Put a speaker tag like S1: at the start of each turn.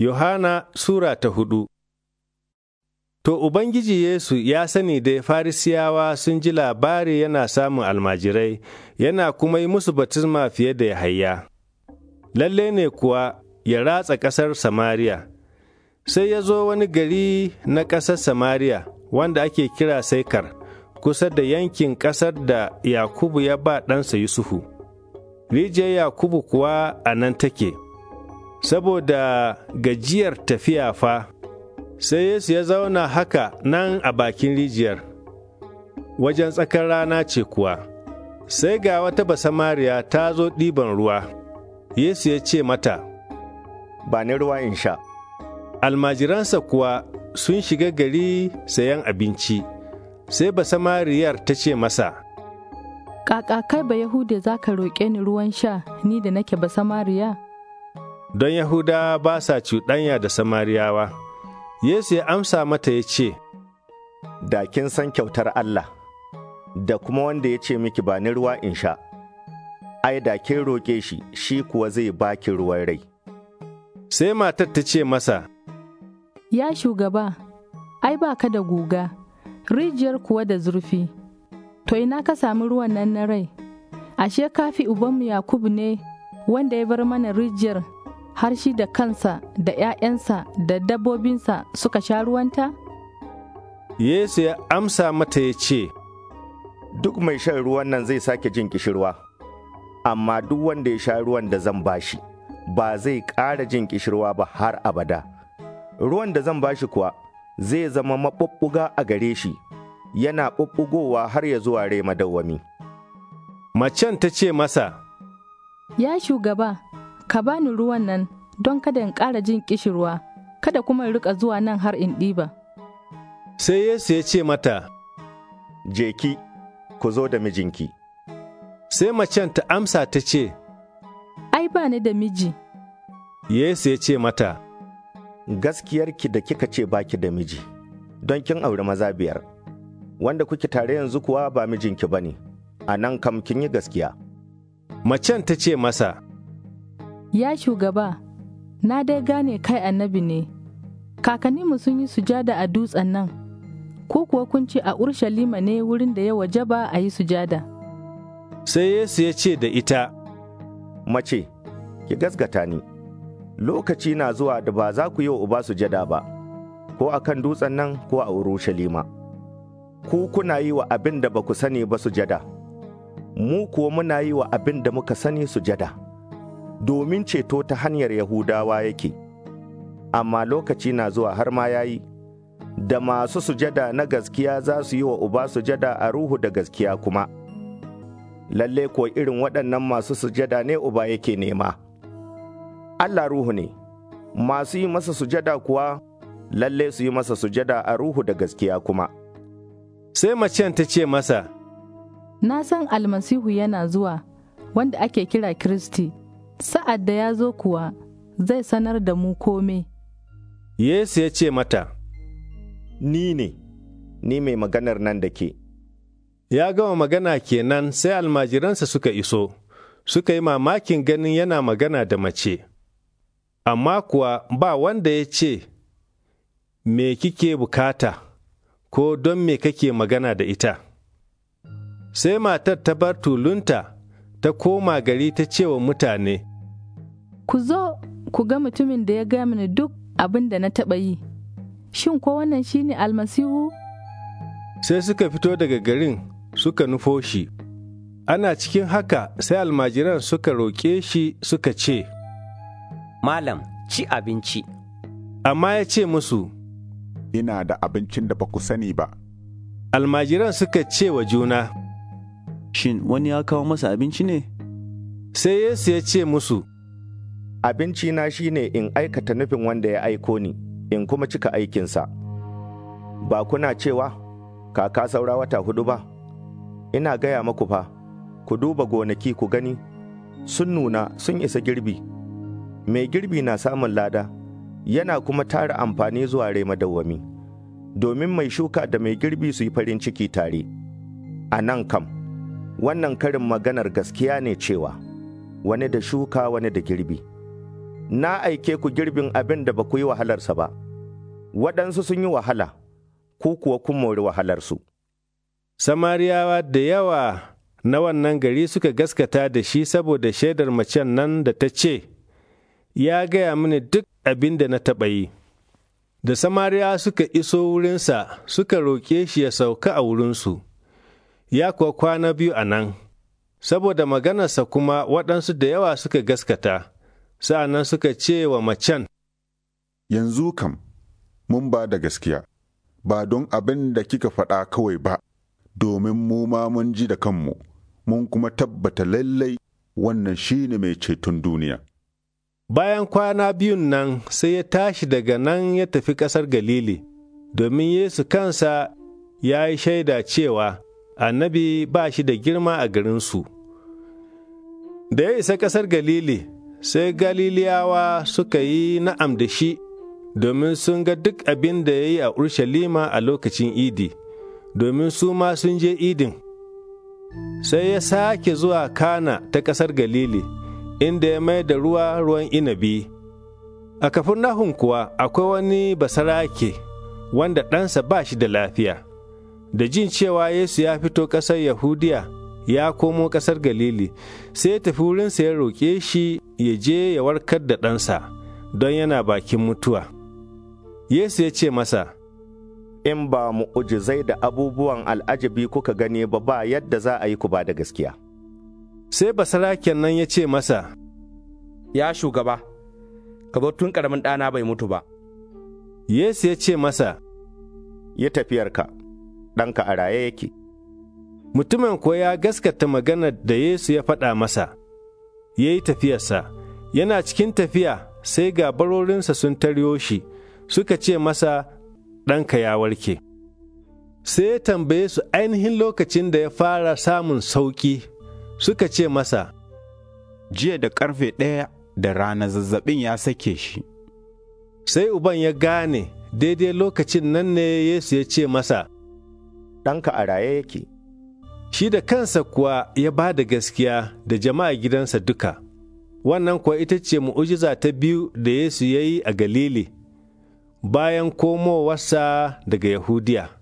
S1: Yohana Sura ta hudu To Ubangiji Yesu ya sani da Farisiyawa sun ji labari yana samun almajirai, yana kuma yi musu batisma fiye da Yahaya. Lalle ne kuwa ya ratsa ƙasar Samariya. Sai ya zo wani gari na ƙasar Samariya wanda ake kira Saikar, kusa da yankin ƙasar da Yakubu ya ba ɗansa Yusufu. Rijiyar Yakubu kuwa a nan take. saboda gajiyar tafiya fa, sai Yesu ya zauna haka nan a bakin rijiyar, wajen tsakar rana ce kuwa, sai ga wata basamariya ta zo ɗiban ruwa, Yesu ya ce mata, Ba ni ruwa in sha. Almajiransa kuwa sun shiga gari sayan abinci, sai basamariyar ta ce masa,
S2: Kaka kai ba Yahude za ka roƙe ni ruwan sha, ni da nake basamariya?
S1: don Yahuda ba
S3: sa cuɗanya da Samariyawa. Yesu ya amsa mata ya ce, Da kin san kyautar Allah, da kuma wanda ya ce miki ba ni ruwa in sha, ai da kin roƙe shi, shi kuwa zai baki ruwan rai. Sai matar ta ce masa,
S2: Ya shugaba, ai ba ka da guga, rijiyar kuwa da zurfi, to ina ka sami ruwan nan na rai, ashe kafi ubanmu Yakubu ne wanda ya bar mana rijiyar har shi da kansa da ’ya'yansa da dabbobinsa suka sha ruwanta?
S3: Yesu ya amsa mata ya ce, Duk mai shan ruwan nan zai sake jin kishirwa, amma duk wanda ya sha ruwan da zan bashi ba zai ƙara jin kishirwa ba har abada. Ruwan da zan bashi kuwa zai zama maɓuɓɓuga a gare shi, yana ɓuɓɓugowa har ya zuwa rai madawwami. Macen ta ce masa,
S2: Ya shugaba, ka bani ruwan nan don kada in ƙara jin ƙishirwa, kada kuma in riƙa zuwa nan har in ɗiba.
S1: Sai Yesu ya ce mata, Jeki, ku zo da mijinki. Sai macen
S3: ta amsa ta ce,
S2: Ai, ba ni da miji.
S3: Yesu ya ce mata, Gaskiyarki da kika ce baki da miji, don kin auri maza biyar, wanda kuke tare yanzu kuwa ba mijinki ba ne, a nan kam kin yi gaskiya.
S1: Macen ta ce masa,
S2: Ya shugaba, na dai gane kai annabi ne, kakanninmu sun yi sujada a dutsen nan, ko kuwa kun ce a Urshalima ne wurin da ya waje ba a yi sujada.
S3: Sai Yesu ya ce da ita, Mace, ki gasgata ni, lokaci na zuwa da ba za ku yi wa uba sujada ba, ko a kan dutsen nan ko a Urushalima. Ku kuna yi wa abin da ba ku sani ba sujada, mu kuwa muna yi wa abin da muka sani sujada. domin ceto ta hanyar Yahudawa yake, amma lokaci na zuwa har ma ya yi, da masu sujada na gaskiya za su yi wa Uba sujada a ruhu da gaskiya kuma. Lalle ko irin waɗannan masu sujada ne Uba yake nema. Allah ruhu ne, masu yi masa sujada kuwa lalle su yi masa sujada a ruhu da gaskiya kuma. Sai macen ta ce masa,
S2: Na san almasihu yana zuwa, wanda ake kira Kiristi. sa'ad da ya zo kuwa zai sanar da mu kome.
S1: Yesu ya ce mata, Ni ne, ni
S3: mai maganar nan da ke.
S1: Ya gama magana kenan sai almajiransa suka iso, suka yi mamakin ganin yana magana da mace. Amma kuwa ba wanda ya ce, Me kike bukata, ko don me kake magana da ita? Sai matar ta bar tulunta ta koma gari ta ce wa mutane,
S2: ku zo ku ga mutumin da ya gaya mini duk abin da na taɓa yi, shin ko wannan shi ne almasihu?
S1: Sai suka fito daga garin suka nufo shi, ana cikin haka sai almajiran suka roƙe shi suka ce, Malam, ci abinci. Amma ya ce musu, Ina da abincin da ba ku sani ba. Almajiran suka ce wa juna, Shin wani ya kawo masa abinci ne?
S3: Sai Yesu ya ce musu, abincina shi ne in aikata nufin wanda ya aiko ni, in kuma cika aikinsa. Ba kuna cewa, kaka saura wata hudu ba, ina gaya maku fa, ku duba gonaki ku gani, sun nuna sun isa girbi. Mai girbi na samun lada, yana kuma tara amfani zuwa rai madawwami, domin mai shuka da mai girbi su yi farin ciki tare. A nan kam, wannan karin maganar gaskiya ne cewa, wani da shuka wani da girbi. na aike ku girbin abin da ba ku yi wahalarsa ba, waɗansu sun yi wahala, ku kuwa kun mori wahalarsu.
S1: Samariyawa da yawa na wannan gari suka gaskata da shi saboda shaidar macen nan da ta ce, Ya gaya mini duk abin da na taɓa yi. Da Samariya suka iso wurinsa suka roƙe shi ya sauka a wurinsu, ya kuwa kwana biyu a nan, saboda maganarsa kuma waɗansu da yawa suka gaskata. sa'an nan suka ce wa macen,
S3: Yanzu kam, mun ba da gaskiya, ba don abin da kika faɗa kawai ba, domin mu ma mun ji da kanmu, mun kuma tabbata lallai wannan shi ne mai ceton duniya. Bayan kwana biyun nan
S1: sai ya tashi daga nan ya tafi ƙasar Galili, domin Yesu kansa ya yi shaida cewa annabi ba shi da girma a garinsu. Da ya isa ƙasar Galili, sai galiliyawa suka yi na'am da shi domin sun ga duk abin da ya yi a Urshalima a lokacin idi, domin su ma sun je idin. Sai ya sake zuwa Kana ta ƙasar Galili, inda ya mai da ruwa ruwan inabi. A kafin nahun kuwa akwai wani basarake wanda ɗansa ba shi da lafiya, da jin cewa Yesu ya fito ƙasar Yahudiya. ya komo ƙasar Galili, sai ya tafi wurinsa ya roƙe shi ya je ya warkar da ɗansa don yana bakin
S3: mutuwa. Yesu ya ce masa, In ba mu'ujizai da abubuwan al'ajabi kuka gani ba ba yadda za a yi ku ba da gaskiya. Sai basaraken nan ya ce masa, Ya shugaba, ka tun ƙaramin
S1: ɗana bai mutu ba. Yesu ya ce masa, Yi tafiyarka, ɗanka a raye yake. mutumin kuwa ya gaskata maganar da Yesu ya faɗa masa, ya yi tafiyarsa, yana cikin tafiya sai ga barorinsa sun taryo shi, suka ce masa ɗanka ya warke. Sai ya tambaye su ainihin lokacin da ya fara samun sauƙi, suka ce masa, Jiya da ƙarfe ɗaya da rana zazzabin ya sake shi. Sai uban ya gane daidai lokacin nan ne Yesu ya ce masa,
S3: Ɗanka a raye yake.
S1: Shi da kansa kuwa ya ba da gaskiya da jama'a gidansa duka, wannan kuwa ita ce mu'ujiza ta biyu da Yesu ya yi a Galili bayan komowarsa daga Yahudiya.